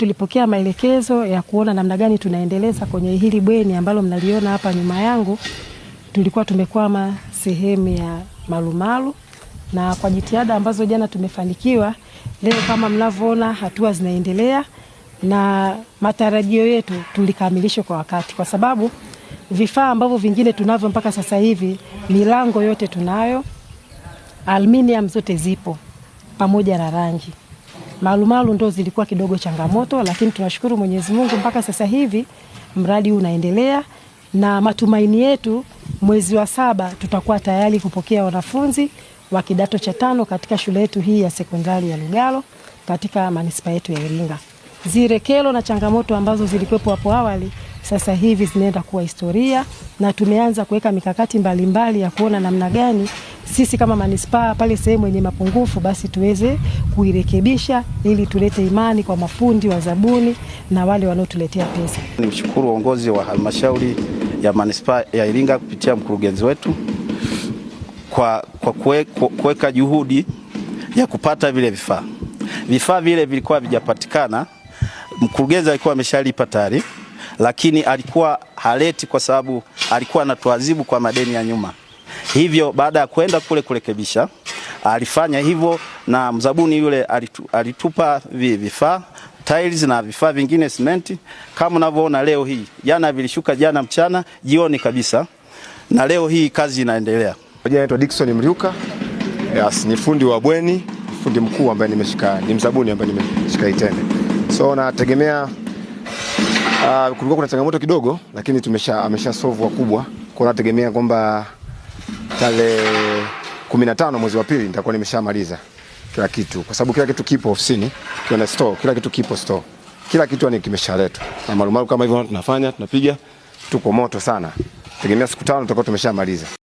Tulipokea maelekezo ya kuona namna gani tunaendeleza kwenye hili bweni ambalo mnaliona hapa nyuma yangu. Tulikuwa tumekwama sehemu ya Marumaru, na kwa jitihada ambazo jana tumefanikiwa, leo kama mnavyoona, hatua zinaendelea na matarajio yetu tulikamilisha kwa wakati, kwa sababu vifaa ambavyo vingine tunavyo mpaka sasa hivi, milango yote tunayo, aluminium zote zipo pamoja na rangi. Malumalu ndo zilikuwa kidogo changamoto, lakini tunashukuru Mwenyezi Mungu mpaka sasa hivi mradi unaendelea, na matumaini yetu mwezi wa saba tutakuwa tayari kupokea wanafunzi wa kidato cha tano katika shule yetu hii ya sekondari ya Lugalo katika manispaa yetu ya Iringa. Zirekelo na changamoto ambazo zilikuwepo hapo awali sasa hivi zinaenda kuwa historia, na tumeanza kuweka mikakati mbalimbali mbali ya kuona namna gani sisi kama manispaa pale sehemu yenye mapungufu basi tuweze kuirekebisha ili tulete imani kwa mafundi wa zabuni na wale wanaotuletea pesa. Ni mshukuru uongozi wa halmashauri ya manispaa ya Iringa kupitia mkurugenzi wetu kwa, kwa kuweka juhudi ya kupata vile vifaa. Vifaa vile vilikuwa vijapatikana, mkurugenzi alikuwa ameshalipa tayari lakini alikuwa haleti kwa sababu alikuwa anatuadhibu kwa madeni ya nyuma. Hivyo baada ya kwenda kule kurekebisha, alifanya hivyo na mzabuni yule alitu, alitupa vifaa tiles na vifaa vingine simenti, kama unavyoona leo hii. Jana vilishuka jana mchana jioni kabisa, na leo hii kazi inaendelea. Jina naitwa Dickson Mriuka. Yes, ni fundi wa bweni, fundi mkuu ambaye nimeshika, ni mzabuni ambaye nimeshika itende, so nategemea Uh, kulikuwa kuna changamoto kidogo, lakini tumesha amesha solve wakubwa, kwa nategemea kwamba tarehe 15 mwezi wa pili nitakuwa nimeshamaliza kila kitu, kwa sababu kila kitu kipo ofisini, kuna store, kila kitu kipo store, kila kitu ni kimeshaletwa na marumaru kama hivyo tunafanya, tunapiga, tuko moto sana. Tegemea siku tano tutakuwa tumeshamaliza.